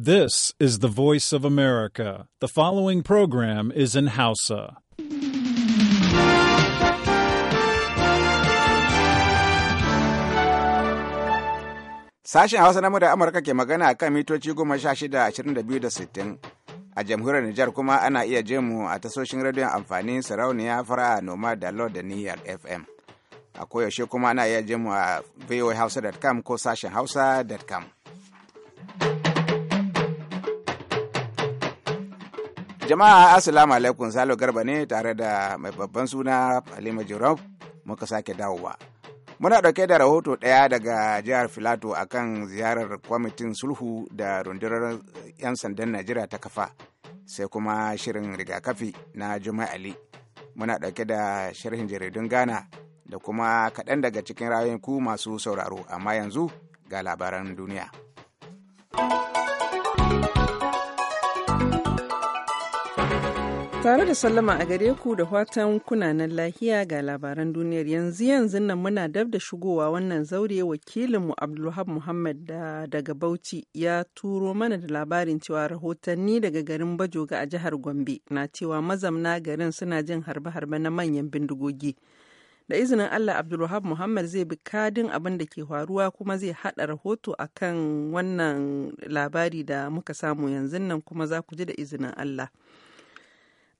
This is the voice of America. The following program is in Hausa. Sashen Hausa na da Amurka ke magana a kan mitoci goma sha shida, ashirin da biyu da sittin. A jamhuriyar Nijar kuma ana iya je mu a tasoshin rediyon amfani sarauniya fara noma da lord da niyyar FM. A koyaushe kuma ana iya je mu a voahausa.com ko sashen hausa.com. Jama'a Assalamu alaikum Salo Garba ne tare da mai babban suna Halima Jirau muka sake dawowa. Muna dauke da rahoto daya daga jihar Filato akan ziyarar kwamitin sulhu da rundunar 'yan sandan Najeriya ta kafa sai kuma shirin rigakafi na Juma'a Ali. Muna dauke da sharhin jaridun Ghana da kuma kaɗan daga cikin rayuwar ku masu sauraro amma yanzu ga labaran duniya. Tare da sallama a gare ku da fatan kunanan lahiya ga labaran duniyar yanzu yanzu nan muna dab da shigowa wannan zaure wakilinmu Abdulhab Muhammad da daga Bauchi ya turo mana da labarin cewa rahotanni daga garin Bajoga a jihar Gombe na cewa mazamna garin suna jin harbe-harbe na manyan bindigogi. Da izinin Allah Abdulwahab Muhammad zai bi kadin abin da ke faruwa kuma zai hada rahoto akan wannan labari da muka samu yanzu nan kuma za ku ji da izinin Allah.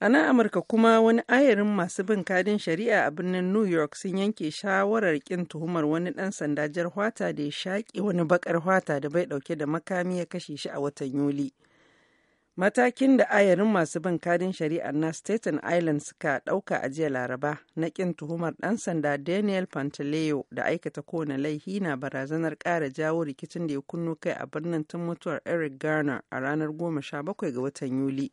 A nan Amurka kuma wani ayarin masu bin kadin shari'a a birnin New York sun yanke shawarar kin tuhumar wani ɗan sanda jar hwata da ya shaƙi wani baƙar hwata da bai ɗauke da makami ya kashe shi a watan Yuli. Matakin da ayarin masu bin kadin shari'a na Staten Island suka ɗauka a jiya Laraba na kin tuhumar ɗan sanda Daniel Pantaleo da aikata kowane laihi na barazanar ƙara jawo rikicin da ya kunno kai a birnin tun mutuwar Eric Garner a ranar 17 ga watan Yuli.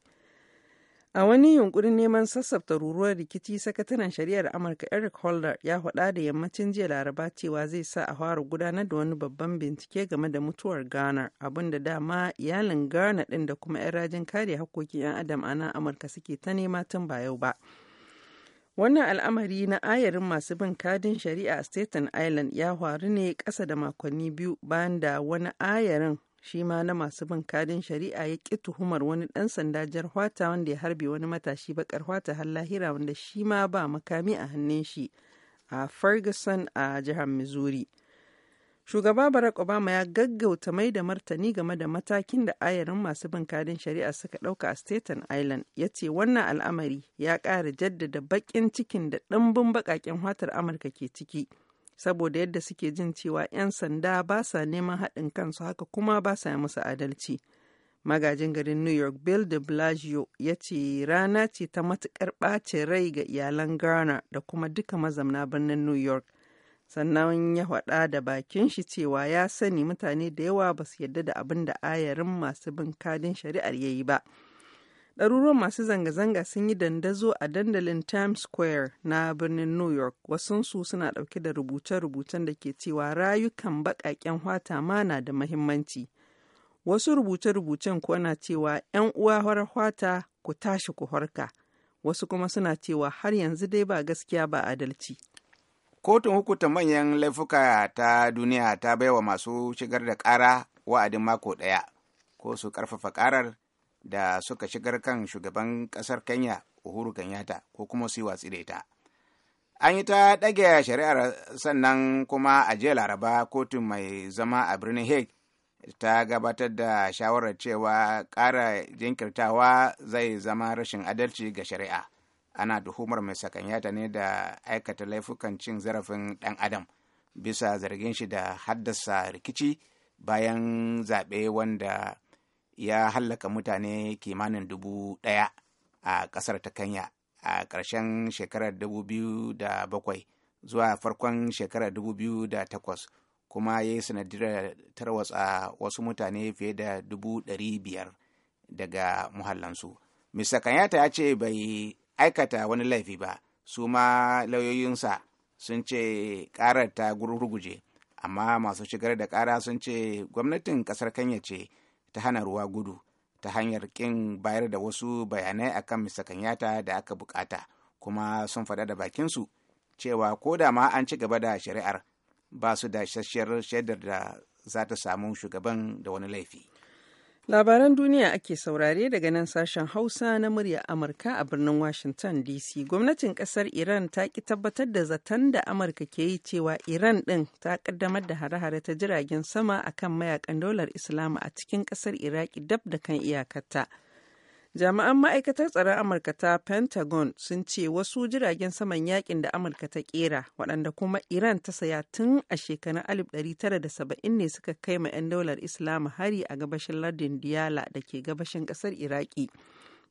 A wani yunkurin neman sassabta ruruwar rikici, sakataren shari'ar Amurka Eric Holder ya hada da yammacin jiya Laraba cewa zai sa a fara gudanar da wani babban bincike game da mutuwar Garner, abinda dama iyalin Garner ɗin da kuma 'yan rajin kare hakokin 'yan adam a nan Amurka suke ta nema tun ba yau ba. Wannan al'amari na ayarin masu bin kadin shari'a a Staten Island ya faru ne kasa da makonni biyu bayan da wani ayarin shi ma na masu bin kadin shari'a ya ƙi tuhumar wani ɗan sanda jar hwata wanda ya harbe wani matashi bakar hwata har lahira wanda shi ma ba makami a hannun shi a Ferguson a jihar Missouri. Shugaba Barack Obama ya gaggauta mai da martani game da matakin da ayarin masu bin kadin shari'a suka ɗauka a Staten Island ya ce wannan al'amari ya ƙara jaddada baƙin cikin da ɗimbin baƙaƙen hatar Amurka ke ciki. saboda yadda suke jin cewa 'yan sanda ba sa neman haɗin kansu haka kuma ba sa musu adalci. Magajin garin New York Bill de Blasio ya ce rana ce ta matuƙar ɓace rai ga iyalan Ghana da kuma duka mazamna birnin New York. Sannan ya faɗa da bakin shi cewa ya sani mutane da yawa ba su yarda da abin da ayarin masu bin kadin shari'ar ya yi ba. ɗaruruwan masu zanga-zanga sun yi dandazo a dandalin Times Square na birnin New York. Wasunsu suna ɗauke da rubuce-rubucen da ke cewa rayukan baƙaƙen hwata ma na da mahimmanci. Wasu rubuce-rubucen kuwa na cewa ‘yan uwa horar hwata ku tashi ku harka, Wasu kuma suna cewa har yanzu dai ba gaskiya ba adalci. Kotun hukunta manyan laifuka ta duniya ta baiwa masu shigar da ƙara wa'adin mako ɗaya ko su ƙarfafa ƙarar da suka shigar kan shugaban ƙasar kenya uhuru kanyata ko kuma su yi watsi da an yi ta ɗage shari'ar sannan kuma a jiya laraba kotun mai zama a birnin hague ta gabatar da shawarar cewa ƙara jinkirtawa zai zama rashin adalci ga shari'a ana tuhumar mai sakanyata ne da aikata laifukan cin zarafin ɗan adam bisa zargin shi da haddasa rikici bayan zaɓe wanda ya hallaka mutane kimanin dubu ɗaya a ƙasar ta kanya a ƙarshen shekarar dubu biyu da bakwai zuwa farkon shekarar dubu biyu da takwas, kuma ya yi sanadira tarwatsa wasu mutane fiye da dubu ɗari biyar daga muhallansu. Mr. Kanyata ya ce bai aikata wani laifi ba, su ma lauyoyinsa sun ce ƙarar ta gurguje, amma masu shigar da ƙara sun ce gwamnatin ƙasar kanya ce. ta hana ruwa gudu ta hanyar kin bayar da wasu bayanai akan Mr. Kenyatta da aka bukata kuma sun faɗa da bakinsu cewa ko da ma an ci gaba da shari'ar ba su da shashiyar shaidar da za ta samu shugaban da wani laifi. Labaran duniya ake saurare daga nan sashen Hausa na murya Amurka a birnin Washington DC. Gwamnatin kasar Iran ta ki tabbatar da zaton da Amurka ke yi cewa Iran ɗin ta kaddamar da hare-hare ta jiragen sama akan mayakan daular Islam a cikin kasar Iraki dab da kan iyakarta. Jami'an ma'aikatar tsaron Amurka ta Pentagon sun ce wasu jiragen saman yakin da Amurka ta kera waɗanda kuma Iran ta saya tun a shekarun 1970 ne suka kai ma 'yan daular Islam hari a gabashin lardin Diyala da ke gabashin ƙasar Iraki.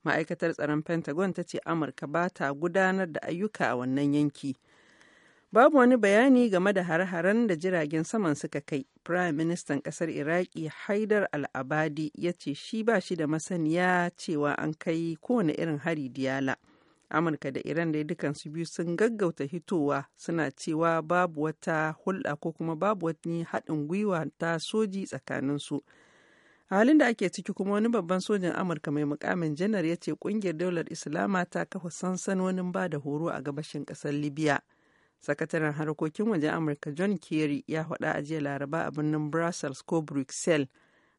Ma'aikatar tsaron Pentagon ta ce Amurka ba ta gudanar da ayyuka a wannan yanki. Babu wani bayani game da hare-haren da jiragen saman suka kai. Prime Ministan kasar Iraki Haidar Al-Abadi ya ce shi ba shi da masaniya cewa an kai kowane irin hari diyala. Amurka da Iran da dukansu biyu sun gaggauta hitowa suna cewa babu wata hulɗa ko kuma babu wani haɗin gwiwa ta soji tsakaninsu. halin da ake ciki kuma wani babban sojin amurka mai mukamin janar ya ce kungiyar daular islama ta kafa sansanonin ba da horo a gabashin kasar libya sakataren harkokin wajen amurka john kerry ya faɗa a jiya laraba a birnin brussels ko bruxelles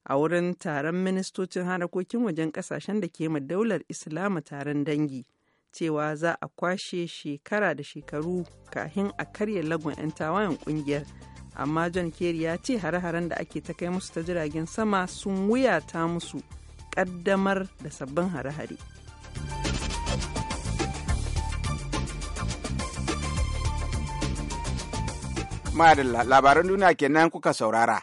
a wurin taron ministocin harkokin wajen kasashen da ke ma daular islama taron dangi cewa za a kwashe shekara da shekaru kahin a karya lagun 'yan tawayen kungiyar amma john kerry ya ce hare-haren da ake ta kai musu ta jiragen sama sun wuyata musu ƙaddamar da sabbin hare-hare. Madalla labaran duniya kenan kuka saurara.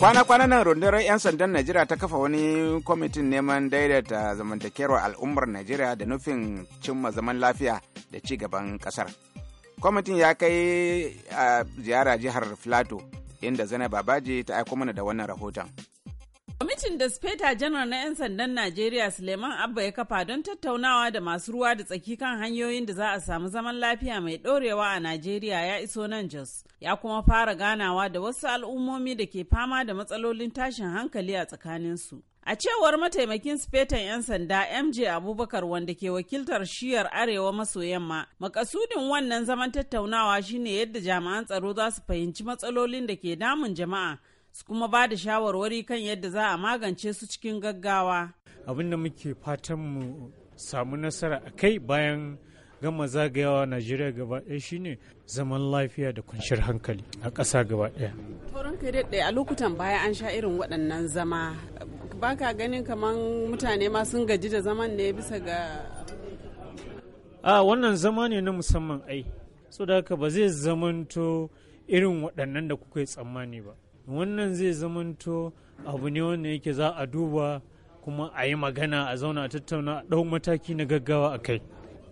kwana kwana nan rundunar 'yan sandan najeriya ta kafa wani kwamitin neman daidaita zamantakewar al'ummar najeriya da nufin cimma zaman lafiya da ci gaban kasar kwamitin ya kai a ziyara jihar filato inda zana babaji ta aiko mana da wannan rahoton Kwamitin da Speta Janar na 'yan sandan Najeriya Suleiman Abba ya kafa don tattaunawa da masu ruwa da tsaki kan hanyoyin da za a samu zaman lafiya mai ɗorewa a Najeriya ya iso nan Jos. Ya kuma fara ganawa da wasu al'ummomi da ke fama da matsalolin tashin hankali a tsakaninsu. A cewar mataimakin Spetan 'yan sanda MJ Abubakar wanda ke wakiltar shiyar Arewa maso yamma, makasudin wannan zaman tattaunawa shine yadda jami'an tsaro za su fahimci matsalolin da ke damun jama'a su kuma ba da shawarwari kan yadda za a magance su cikin gaggawa. Abin da muke fatan mu samu nasara a kai bayan gama zagayawa Najeriya gaba ɗaya shine zaman lafiya da kunshir hankali a ƙasa gaba ɗaya. kai a lokutan baya an sha irin waɗannan zama baka ganin kamar mutane ma sun gaji da zaman ne bisa ga a wannan zama ne na musamman ai so da haka ba zai zamanto irin waɗannan da kuka yi tsammani ba wannan zai zamanto abu ne wanda yake za a duba kuma a yi magana a zauna a tattauna ɗau mataki na gaggawa a kai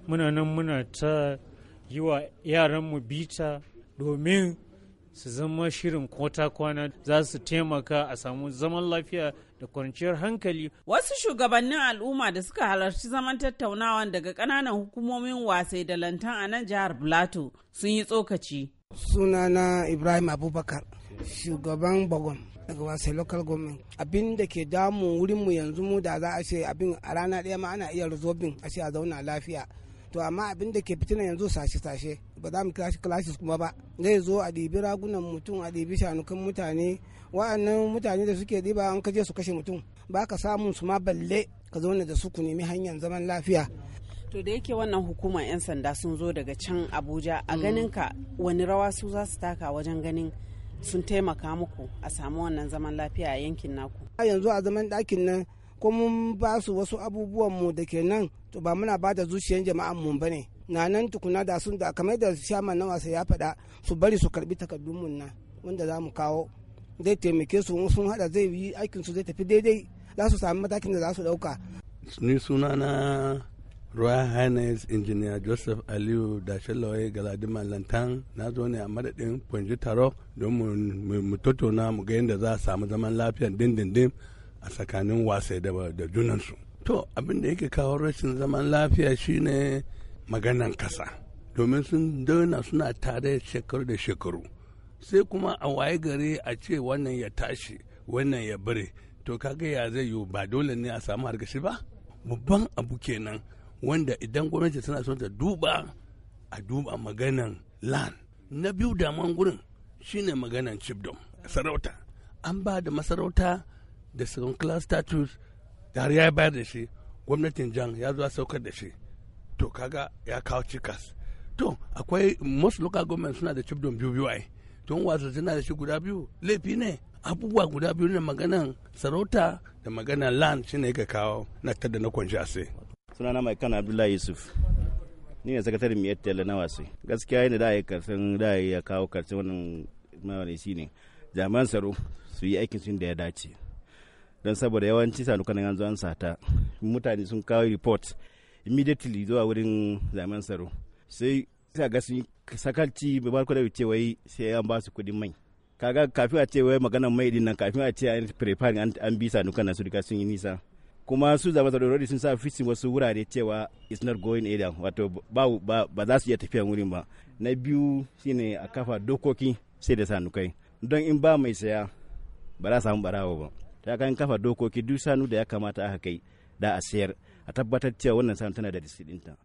muna nan muna ta yi wa yaranmu bita domin su zama shirin kota kwana za su taimaka a samu zaman lafiya da kwanciyar hankali. Wasu shugabannin al'umma da suka halarci zaman tattaunawan daga ƙananan hukumomin wasai da lantan a nan jihar Plateau sun yi tsokaci. Sunana Ibrahim Abubakar. shugaban bagon daga wasai local government abin da ke damu wurinmu yanzu mu da za a ce abin a rana ɗaya ma ana iya rizobin a ce a zauna lafiya to amma abin da ke fitina yanzu sashe-sashe ba za mu kashi classes kuma ba zai zo a ɗibi ragunan mutum a ɗibi shanukan mutane wa'annan mutane da suke ɗiba an kaje su kashe mutum ba ka samun su ma balle ka zauna da su ku nemi hanyar zaman lafiya to da yake wannan hukumar 'yan sanda sun zo daga can abuja a mm. ganin ka wani rawa su za su taka wajen ganin sun taimaka muku a samu wannan zaman lafiya a yankin naku a yanzu a zaman ɗakin nan ko mun ba su wasu abubuwan mu da ke nan to ba muna ba da zuciyar jama'an mu bane na nan tukuna da sun da kamar da shaman na wasa ya faɗa su bari su karbi takardun mu nan wanda za mu kawo zai taimake su sun hada zai yi aikin su zai tafi daidai za su sami matakin da za su dauka ni sunana Royal Highness Engineer Joseph Aliyu da ga Galadima Lantan na zo ne a madadin Punji Taro don mu tattauna mu ga yadda za a samu zaman lafiya dindindin a tsakanin wasai da junansu. To abin da yake kawo rashin zaman lafiya shine maganan kasa domin sun daina suna tare shekaru da shekaru sai kuma a waye gari a ce wannan ya tashi wannan ya bare to kaga ya zai yiwu ba dole ne a samu hargashi ba babban abu kenan wanda idan gwamnati tana son ta duba a duba maganan lan. na biyu daman gurin shine maganan chipdom sarauta an ba da masarauta da second class status da har ya bayar da shi gwamnatin jan ya zuwa saukar da shi to kaga ya kawo cikas to akwai most local government suna da chipdom biyu biyu ai tun wasu suna da shi guda biyu laifi ne abubuwa guda biyu na maganan sarauta da maganan lan shine ka kawo na tada na kwanci a sai sunana mai kan abdullahi yusuf ni ne sakataren miyar tela na wasu. gaskiya yana da ya karshen da ya kawo karshen wannan mawani shi ne jami'an tsaro su yi aikin sun da ya dace don saboda yawanci sa an yanzu an sata mutane sun kawo report immediately zuwa wurin jami'an tsaro sai sai ga sun sakalci mai barko da wuce wai sai an ba su kudin mai kaga kafin a ce wai maganan mai din nan kafin a ce an prepare an bi sanukan su duka sun yi nisa kuma su zaba dorori sun sa fisin wasu wurare cewa it's not going either wato ba za su iya tafiya wurin ba na biyu shine a kafa dokoki sai da sanukai don in ba mai saya ba za samu barawa ba ta kan kafa dokoki duk sanu da ya kamata aka kai da a sayar a tabbatar cewa wannan sanu tana da disidinta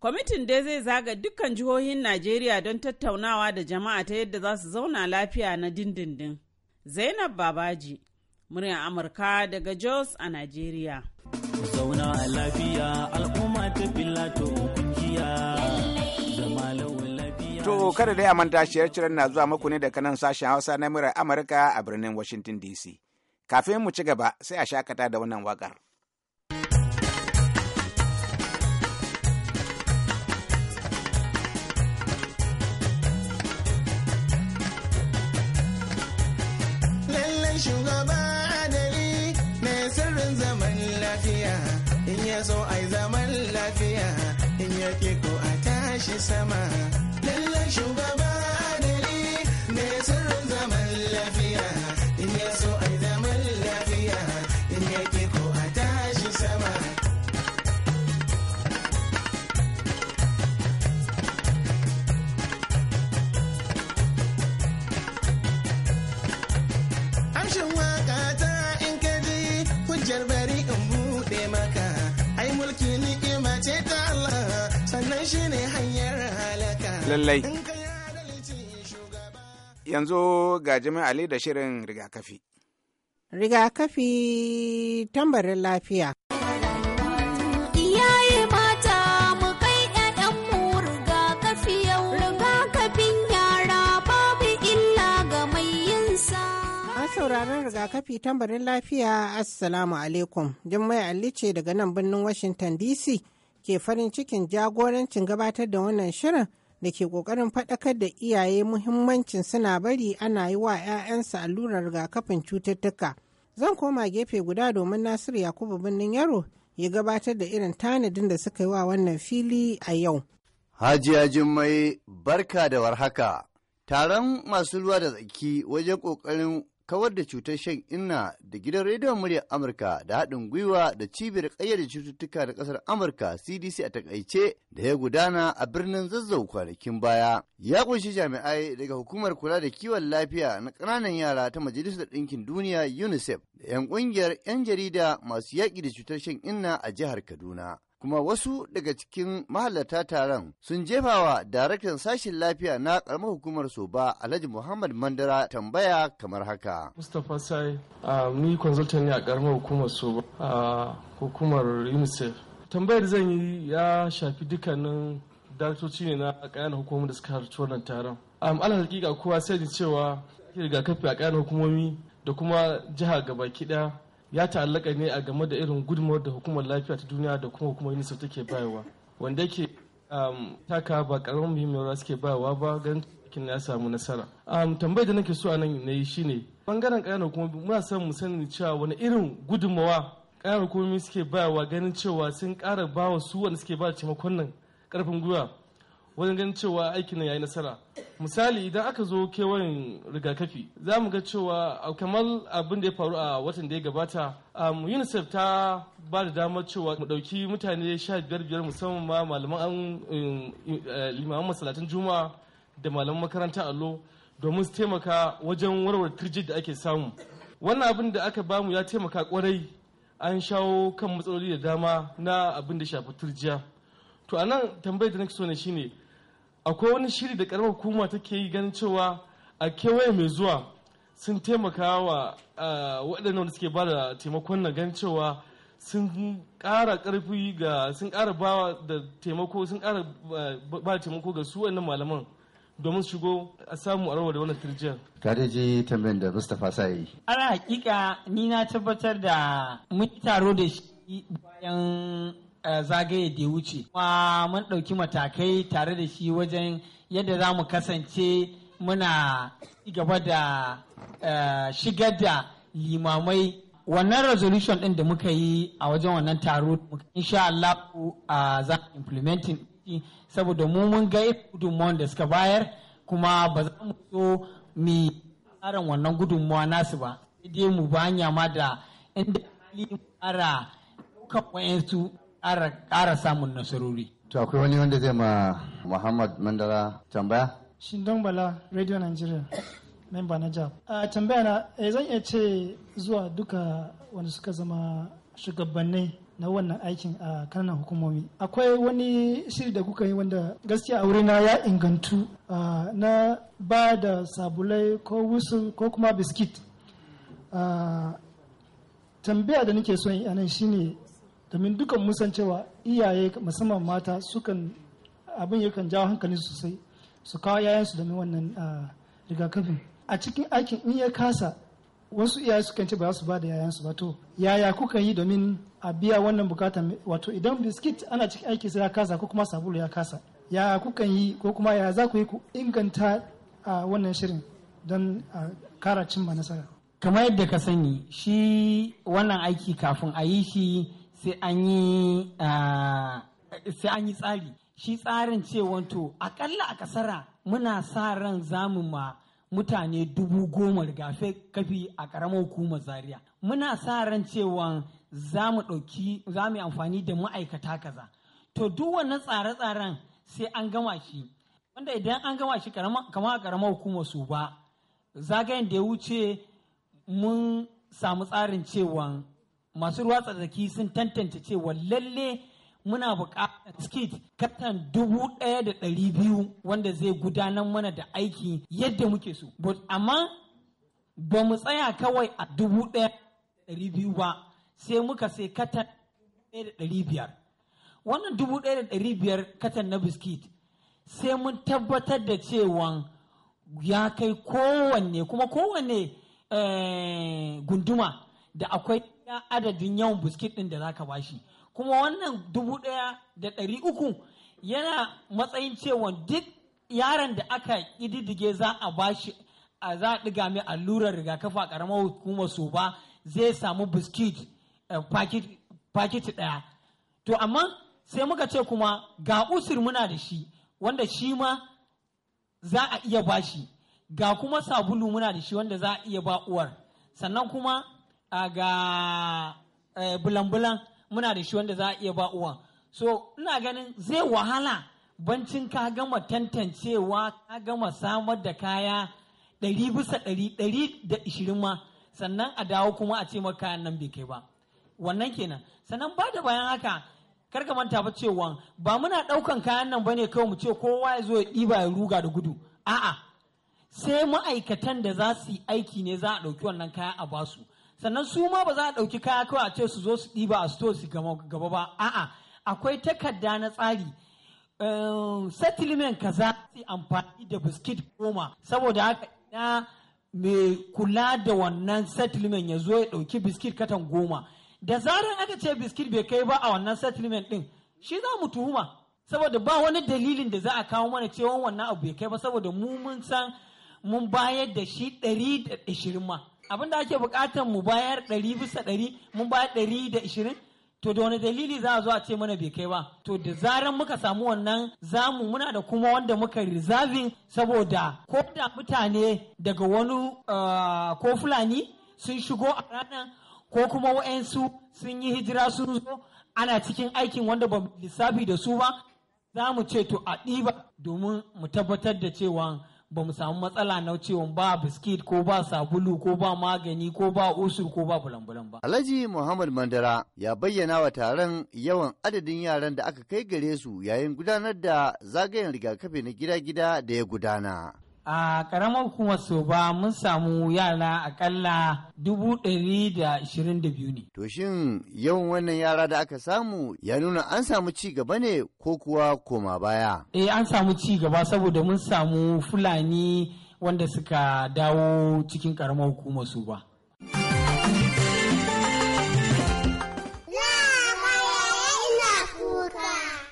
kwamitin dai zai zaga dukkan jihohin najeriya don tattaunawa da jama'a ta yadda za su zauna lafiya na dindindin zainab babaji muryar Amurka daga Jos a Najeriya. Zauna lafiya To kada dai a manta shiyar ciran na zuwa muku ne daga nan sashen Hausa na murar Amurka a birnin Washington DC. Kafin mu ci gaba sai a shakata da wannan wakar shugaba shi sama lallan shugaba adali ne sirrin zaman lafiya in ya so a zaman lafiya in ya ke ko a tashi sama amshin waka ta in ka ji hujjar Lallai. Yanzu ga Ali da shirin rigakafi. Rigakafi tambarin lafiya. sauraron rigakafi tambarin lafiya assalamu alaikum jummai alli ce daga nan birnin washington dc ke farin cikin jagorancin gabatar da wannan shirin da ke kokarin faɗakar da iyaye muhimmancin suna bari ana yi wa 'ya'yansa allurar rigakafin cututtuka. Zan koma gefe guda domin Nasiru Yakubu Birnin Yaro ya gabatar da irin tanadin da suka yi wa wannan fili a yau. Hajiya Jummai barka da warhaka. Taron masu ruwa da tsaki wajen kokarin. kawar da cutar shan inna da gidan rediyon muryar Amurka da haɗin gwiwa da cibiyar ƙayyade cututtuka da ƙasar Amurka CDC a takaice da ya gudana a birnin zazzau kwanakin baya. Ya kunshi jami'ai daga hukumar kula da kiwon lafiya na ƙananan yara ta Majalisar Ɗinkin Duniya UNICEF da 'yan ƙungiyar 'yan jarida masu yaƙi da cutar shan inna a jihar Kaduna. kuma wasu daga cikin mahalarta taron sun jefa wa daraktan sashen lafiya na karamar hukumar soba alhaji muhammad mandara tambaya kamar haka mustapha sai ni consultant ne a karamar hukumar soba a hukumar unicef tambayar zan yi ya shafi dukkanin daraktoci ne na kayan hukumomi da suka harci wannan taron alal hakika kowa sai cewa rigakafi a kayan hukumomi da kuma jiha gaba daya ya ta'allaka ne a game da irin gudunmawar da hukumar lafiya ta duniya da kuma hukumar unicef take bayarwa wanda yake um, taka ba karamin muhimmiyar rawa suke bayarwa ba ganin kin ya samu nasara um, tambayar da nake so anan nan na yi shine bangaren kayan kuma muna son mu sani cewa wani irin gudunmawa kayan hukumomi suke bayarwa ganin cewa sun ƙara bawa su wanda suke ba taimakon nan karfin gwiwa wajen gan cewa aikin ya yi nasara misali idan aka zo kewayen rigakafi za mu ga cewa ah, kamar abin da ya faru a watan da ya gabata um, unicef ta ba da damar cewa mu dauki mutane sha biyar biyar musamman ma malaman um, eh, limaman masalatin Juma da malaman makaranta allo domin su taimaka wajen warware turjit da ake samu wannan abin da aka bamu ya taimaka kwarai an shawo kan matsaloli da dama na abin da shafi turjiya to anan tambayar da nake so ne shine akwai wani shiri da karamar hukuma take yi ganin cewa a kewaye mai zuwa sun taimaka wa waɗannan wanda suke ba da taimakon na ganin cewa sun ƙara ƙarfi ga sun ƙara ba da taimako sun ƙara ba taimako ga su wannan malaman domin shigo a samu arawa da wannan turjiyar. Ka da je tambayin da Mustapha sa yi. Ala hakika ni na tabbatar da mun taro da shi bayan zagaye da ya wuce kuma mun ɗauki matakai tare da shi wajen yadda za mu kasance muna gaba da eh, shigar da limamai wannan resolution ɗin da muka yi a wajen wannan taro insha Allah za mu implementing saboda mu mun ga gudunmuwan da suka bayar kuma ba za mu so mu tsarin wannan gudunmuwa nasu ba sai dai mu ba hanya ma da inda hali mu ƙara wayansu ƙara samun nasarori. To akwai wani wanda zai ma Muhammad Mandala. tambaya? Shindon Bala, Radio Nigeria, memba na JAB. A tambaya na, eh, zan iya ce zuwa duka wanda suka zama shugabanni na wannan aikin a kananan hukumomi akwai wani shiri da kuka yi wanda gaskiya a na ya ingantu na ba da sabulai ko wusul ko kuma biskit tambaya da nake so yi anan shine domin dukan musancewa cewa iyaye musamman mata sukan abin yakan jawo hankali sosai su kawo yayansu domin wannan ah, rigakafin a cikin aikin in ya kasa wasu iyaye sukan ce ba su ba da yayansu ba to yaya kuka yi domin a biya wannan bukata wato idan biskit ana cikin aiki sai ya kasa ko kuma sabulu ya kasa ya kukan yi ko kuma ya za ku yi ku inganta a ah, wannan shirin don a ah, kara cimma nasara kamar yadda ka sani shi wannan aiki kafin a yi shi Ah, sai an yi tsari shi tsarin ce wanto akalla a kasara muna sa ran zamu ma mutane dubu goma rigafe kafi a karamar hukumar zaria muna sa ran cewa za mu ɗauki za yi amfani da ma'aikata kaza to duk wannan tsare-tsaren sai an gama shi wanda idan an gama shi kama a karamar hukumar su ba zagayen da ya wuce mun samu tsarin cewa masu ruwa tsazaki sun tantance cewa lalle muna buƙatar skit katan dubu ɗaya da ɗari biyu wanda zai gudanar mana da aiki yadda muke so. amma ba mu tsaya kawai a dubu ɗaya da ɗari biyu ba sai muka sai katan ɗaya da ɗari biyar. Wannan dubu ɗaya da ɗari biyar katan na biskit sai mun tabbatar da cewa ya kai kowanne kuma kowanne eh, gunduma da akwai iya adadin yawan biskit ɗin da zaka bashi kuma wannan dubu ɗaya da ɗari uku yana matsayin cewa duk yaron da aka ƙididdige za a bashi a za a ɗiga mai allurar rigakafi a ƙaramar hukumar so ba zai samu biskit eh, pakiti ɗaya to amma sai muka ce kuma ga usir muna da shi wanda shi ma za a iya bashi ga kuma sabulu muna da shi wanda za a iya ba uwar sannan kuma ga eh, bulan-bulan muna da shi wanda za a iya ba uwan so ina ganin zai wahala bancin ka gama tantancewa ka gama samar da kaya ɗari bisa ɗari ɗari da ishirin ma sannan a dawo kuma a ce maka nan bai kai ba wannan kenan sannan ba da bayan haka karka manta ba cewa ba muna ɗaukan kayan nan bane kawai mu ce kowa ya zo ya ɗiba ya ruga da gudu a'a sai ma'aikatan da za su yi aiki ne za a ɗauki wannan kaya a basu sannan su ma ba za a ɗauki kaya kawai a ce su zo su ɗiba a sto su gaba ba a'a akwai takarda na tsari ehm, settlement kaza su amfani da biskit goma saboda haka ina mai kula da wannan settlement ya zo ya ɗauki biskit katan goma da zarar aka ce biskit bai kai ba a wannan settlement ɗin shi za mu tuhuma saboda ba wani dalilin da za a kawo mana cewa wannan abu bai kai ba saboda mu mun san mun bayar da shi ɗari da ma abin da ake bukatar mu bayar ɗari bisa ɗari mun bayar ɗari da ishirin to da wani dalili za a zo a ce mana bai kai ba to da zaran muka samu wannan zamu muna da kuma wanda muka reserving saboda ko da mutane daga wani ah, ko fulani sun shigo a ranar ko kuma wa'yansu sun yi hijira sun zo ana cikin aikin wanda ba lissafi da su ba za mu ce to a ɗiba domin mu tabbatar da cewa ba mu samu matsala na cewa ba biskit ko ba sabulu ko ba magani ko ba usur ko ba bulan-bulan ba. Alhaji Muhammad Mandara ya bayyana wa taron yawan adadin yaran da aka kai gare su yayin gudanar da zagayen rigakafi na gida-gida da ya gudana. a ƙaramar hukumar soba mun samu yara akalla dubu ɗari da ashirin da biyu ne. To shin yawan wannan yara da aka samu ya nuna an samu ci gaba ne ko kuwa koma baya? Eh an samu ci gaba saboda mun samu Fulani wanda suka dawo cikin ƙaramar hukumar soba.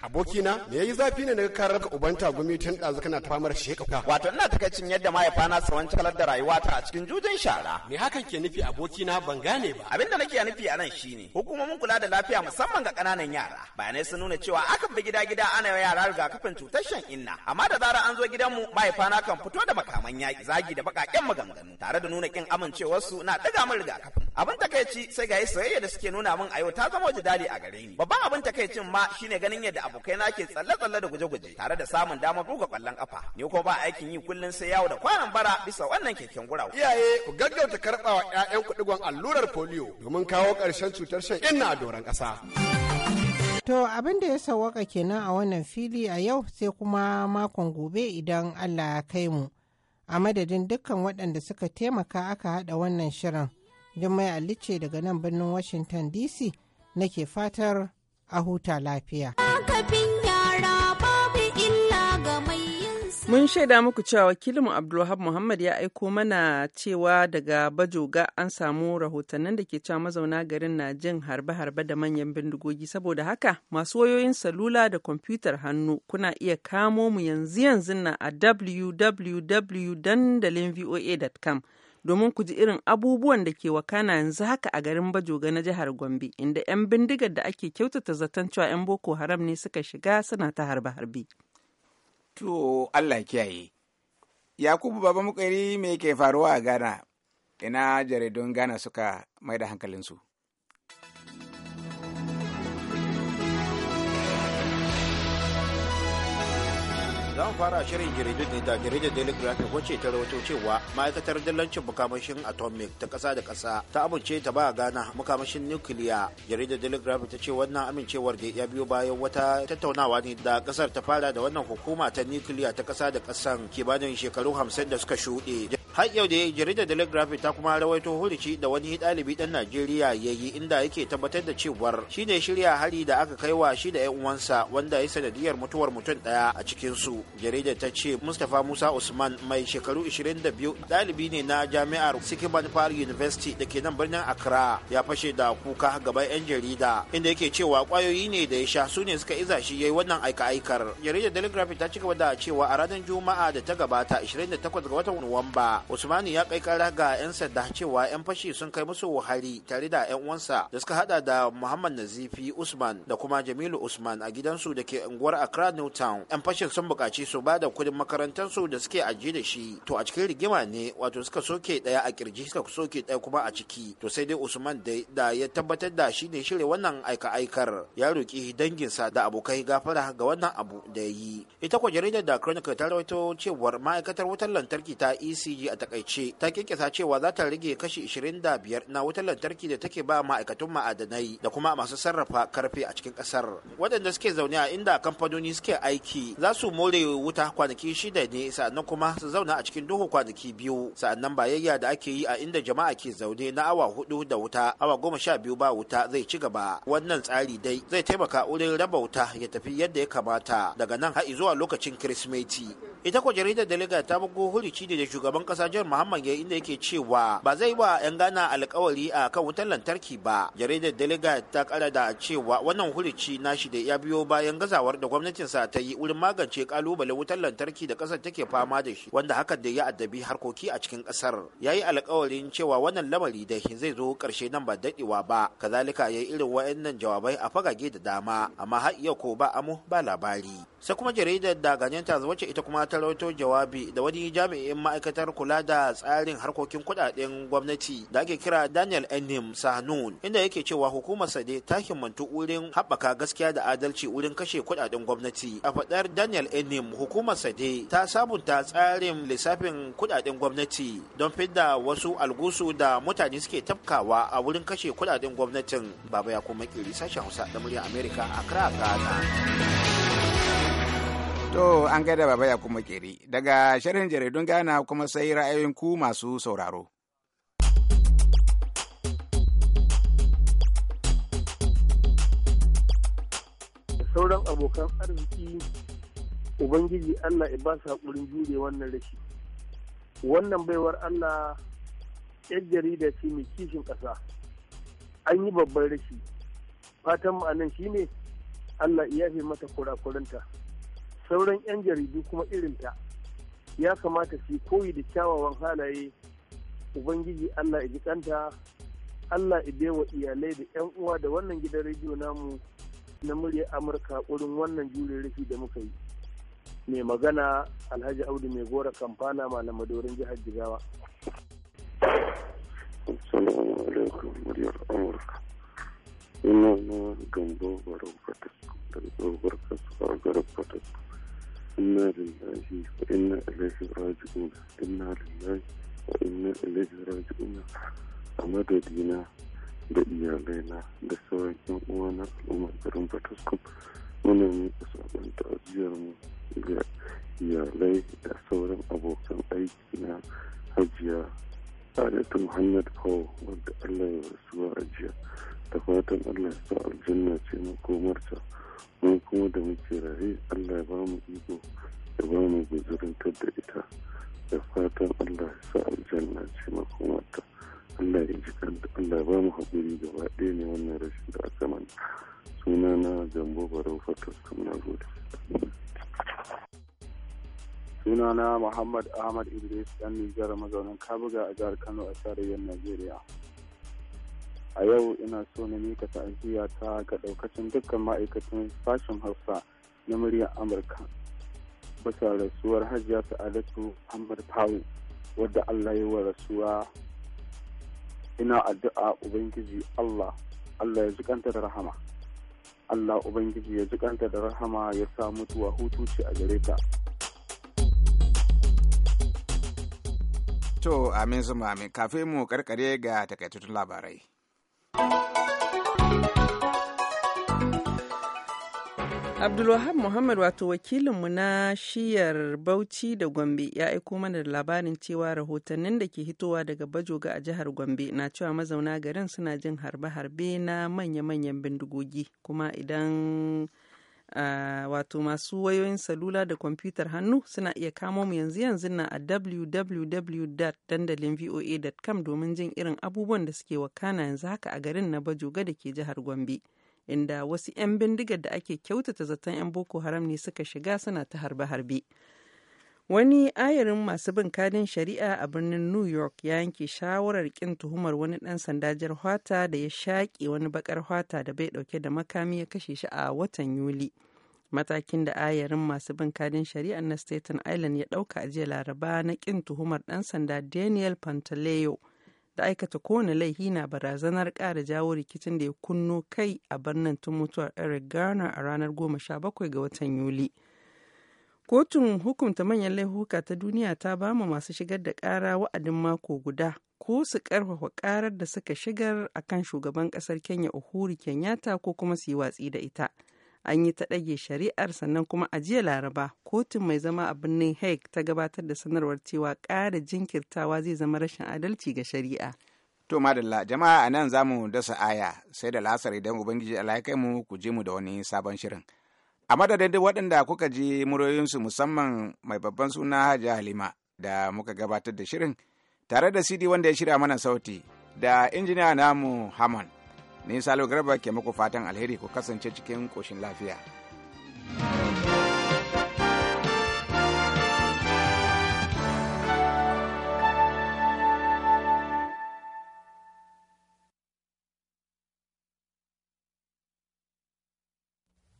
abokina me yayi zafi ne daga karar ka uban tagumi tun ɗazu kana ta famar sheka ka wato ina takaicin yadda mahaifana su wanci kalar da rayuwa ta a cikin jujin shara me hakan ke nufi abokina ban gane ba abin da nake nufi a nan shine hukumomin kula da lafiya musamman ga ƙananan yara bayanai sun nuna cewa akan bi gida gida ana yawa yara rigakafin cutar shan inna amma da zarar an zo gidanmu mahaifana kan fito da makaman yaƙi zagi da baƙaƙen maganganu tare da nuna ƙin amincewarsu na ɗaga min rigakafin abin takaici sai ga soyayya da suke nuna min a yau ta zama jidali a gare ni babban abin takaicin ma shine ganin yadda abokai na ke tsalle-tsalle da guje-guje tare da samun damar buga kwallon kafa ni ko ba aikin yi kullum sai yawo da kwanan bara bisa wannan keken gurawa iyaye ku gaggauta karbawa ƴaƴan kudigon allurar polio domin kawo ƙarshen cutar shan inna a doron ƙasa To abin da ya sawaka kenan a wannan fili a yau sai kuma makon gobe idan Allah ya kai mu. A madadin dukkan waɗanda suka taimaka aka haɗa wannan shirin. Jummai Ali ce daga nan birnin Washington DC nake fatar a huta lafiya. Mun shaida muku cewa wakilinmu Abdulwahab Muhammad ya aiko mana cewa daga Bajoga an samu rahotannin da ke cewa mazauna garin na jin harbe-harbe da manyan bindigogi saboda haka masu wayoyin salula da kwamfutar hannu kuna iya kamo mu yanzu yanzu na a www.dandalinvoa.com domin ku ji irin abubuwan da ke wakana yanzu haka a garin Bajoga na jihar Gombe inda 'yan bindigar da ake kyautata zaton cewa 'yan Boko Haram ne suka shiga suna ta harbe-harbe. To Allah kiyaye. Yakubu Baba Mukari me ke faruwa a Ghana? Ina jaridun Ghana suka mai da hankalinsu. za mu fara shirin jaridun ne da jaridar daily graphic wacce ta rawato cewa ma'aikatar dillancin makamashin atomic ta ƙasa da ƙasa ta amince ta ba gana makamashin nukiliya jaridar daily graphic ta ce wannan amincewar da ya biyo bayan wata tattaunawa ne da ƙasar ta fara da wannan hukuma ta nukiliya ta ƙasa da ƙasan kimanin shekaru hamsin da suka shuɗe har yau da ya jaridar daily ta kuma rawaito hulici da wani ɗalibi ɗan najeriya ya yi inda yake tabbatar da cewar shi ne shirya hari da aka kai wa shi da yan uwansa wanda ya sanadiyar mutuwar mutum ɗaya a cikin su jaridar ta ce mustapha musa usman mai shekaru 22 ɗalibi ne na jami'ar sikiman far university da ke nan birnin accra ya fashe da kuka gaban yan jarida inda yake cewa kwayoyi ne da ya sha su ne suka iza shi ya yi wannan aika-aikar jaridar daily ta ci gaba da cewa a ranar juma'a da ta gabata 28 ga watan nuwamba usmani ya kai kara ga 'yan sadda cewa 'yan fashi sun kai musu wahari tare da 'yan uwansa da suka hada da muhammad nazifi usman da kuma jamilu usman a gidansu da ke unguwar accra new town 'yan fashin sun buƙaci su ba da kudin su da suke ajiye da shi to a cikin rigima ne wato suka soke ɗaya a kirji suka soke ɗaya kuma a ciki to sai dai usman da ya tabbatar da shi ne shirya wannan aika-aikar ya roƙi danginsa da abokai gafara ga wannan abu da ya yi ita kwa jaridar da chronicle ta rawaito cewar ma'aikatar wutar lantarki ta ecg a takaice ta kirkisa cewa za ta rage kashi 25 na wutar lantarki da take ba ma'aikatun ma'adanai da kuma masu sarrafa karfe a cikin kasar waɗanda suke zaune a inda kamfanoni suke aiki za su more wuta kwanaki shida ne sa'annan kuma su zauna a cikin duhu kwanaki biyu sa'annan bayayya da ake yi a inda jama'a ke zaune na awa hudu da wuta awa goma sha biyu ba wuta zai ci gaba wannan tsari dai zai taimaka wurin raba wuta ya tafi yadda ya kamata daga nan har zuwa lokacin kirsimeti ita ko jaridar delega ta bugo hulici da shugaban kasa kasa jihar muhammad ya inda yake cewa ba zai wa 'yan ghana alkawari a kan wutar lantarki ba jaridar delegate ta kara da cewa wannan hulici nashi da ya biyo bayan gazawar da gwamnatin sa ta yi wurin magance kalubalen wutar lantarki da kasar take fama da shi wanda hakan da ya addabi harkoki a cikin kasar ya yi alkawarin cewa wannan lamari da zai zo karshe nan ba daɗewa ba kazalika ya yi irin wa'annan jawabai a fagage da dama amma har iya ko ba amu ba labari sai kuma jaridar da ta wacce ita kuma ta rawaito jawabi da wani jami'in ma'aikatar kula kula da tsarin harkokin kudaden gwamnati da ake kira Daniel Enim Sahnun inda yake cewa hukumar Sade ta himmantu wurin haɓaka gaskiya da adalci wurin kashe kudaden gwamnati. A faɗar Daniel Enim hukumar Sade ta sabunta tsarin lissafin kudaden gwamnati don fidda wasu algusu da mutane suke tafkawa a wurin kashe kudaden gwamnatin. Baba ya kuma kiri sashen Hausa da murya Amerika a Accra, Ghana. To an gada da baya kuma kere daga sharhin jaridun Ghana kuma sai ra'ayoyin ku masu sauraro. Sauran abokan arziki Ubangiji Allah ya ba su haƙurin jure wannan rashi. Wannan baiwar Allah ‘yar jarida ce mai kishin ƙasa, an yi babban rashi, fatan ma'anan shi ne Allah ya fi mata kurakuranta. sauran 'yan jaridu kuma irinta ya kamata su koyi da kyawawan halaye ubangiji allah ya jikanta allah ya baiwa iyalai da 'yan uwa da wannan gidan rediyo namu na murya amurka wurin wannan jure rufi da muka yi mai magana alhaji audu mai gora kamfana malam madorin jihar jigawa muryar amurka ina na gambo barau fatas daga tsohuwar kasuwa inna lillahi wa inna ilaihi raji'un inna lillahi wa inna ilaihi raji'un a madadina da iyalaina da sauran yan uwa na al'ummar garin fataskum muna miƙa mu ga iyalai da sauran abokan aiki na hajiya Adatu Muhammad Kawo wadda Allah ya rasuwa a jiya da fatan Allah ya sa aljanna ce makomarsa. mun kuma da muke raye allah ya ba mu iko ya ba mu guzurantar da ita da fatan allah ya sa aljanna ce makomarta allah ya ji kanta allah ya ba mu haƙuri gaba ɗaya ne wannan rashin da aka mana suna na jambo barau fatas kam na gode suna na muhammad ahmad idris dan nijar mazaunin kabuga a jihar kano a tarayyar najeriya a yau ina so na mika ta'aziyya ta ga daukacin dukkan ma'aikatan sashen hausa na muryar amurka bisa rasuwar ta adatu hamar pawu wadda allah yi wa rasuwa ina addu'a ubangiji allah allah ya jikanta da rahama allah ubangiji ya jikanta da rahama ya sa mutuwa hutu ce a gare ta to amin zuma amin kafin mu karkare ga takaitattun labarai Abdulwahab Muhammad wato wakilinmu na shiyar Bauchi da Gombe ya aiko mana da labarin cewa rahotannin da ke hitowa daga Bajoga a jihar Gombe na cewa mazauna garin suna jin harbe-harbe na manya-manyan bindigogi kuma idan wato masu wayoyin salula da kwamfutar hannu suna iya kamo mu yanzu yanzu na a www.dandalinvoa.com domin jin irin abubuwan da suke wakana yanzu haka a garin na Bajoga da ke jihar Gombe. Inda wasu 'yan bindigar da ake kyautata zaton 'yan Boko Haram ne suka shiga suna ta harbe-harbe. Wani ayarin masu bin kadin shari'a a birnin New York ya yanke shawarar kin tuhumar wani ɗan sanda jar hwata da ya shaƙe wani bakar hwata da bai ɗauke da makami ya kashe shi a watan Yuli. Matakin da ayarin masu bin kadin shari'a na Staten Island ya ɗauka a jiya Laraba na kin tuhumar ɗan sanda Daniel Pantaleo da aikata kowane laifi na barazanar ƙara jawo rikicin da ya kunno kai a birnin tun mutuwar Eric Garner a ranar goma sha bakwai ga watan Yuli. Kotun hukunta manyan laifuka ta duniya ta ba mu masu shigar da ƙara wa'adin mako guda ko su karfafa ƙarar da suka shigar akan shugaban ƙasar Kenya Uhuru Kenyatta ko kuma su yi watsi da ita. An yi ta ɗage shari'ar sannan kuma a jiya Laraba kotun mai zama a birnin Hague ta gabatar da sanarwar cewa ƙara jinkirtawa zai zama rashin adalci ga shari'a. To madalla jama'a a nan zamu dasa aya sai da lasar idan Ubangiji Allah ya kai mu ku je mu da wani sabon shirin. a madadin duk waɗanda kuka ji muryoyinsu musamman mai babban suna hajji halima da muka gabatar da shirin tare da cd wanda ya shirya mana sauti da injiniya namu haman ni salo garba ke muku fatan alheri ku kasance cikin koshin lafiya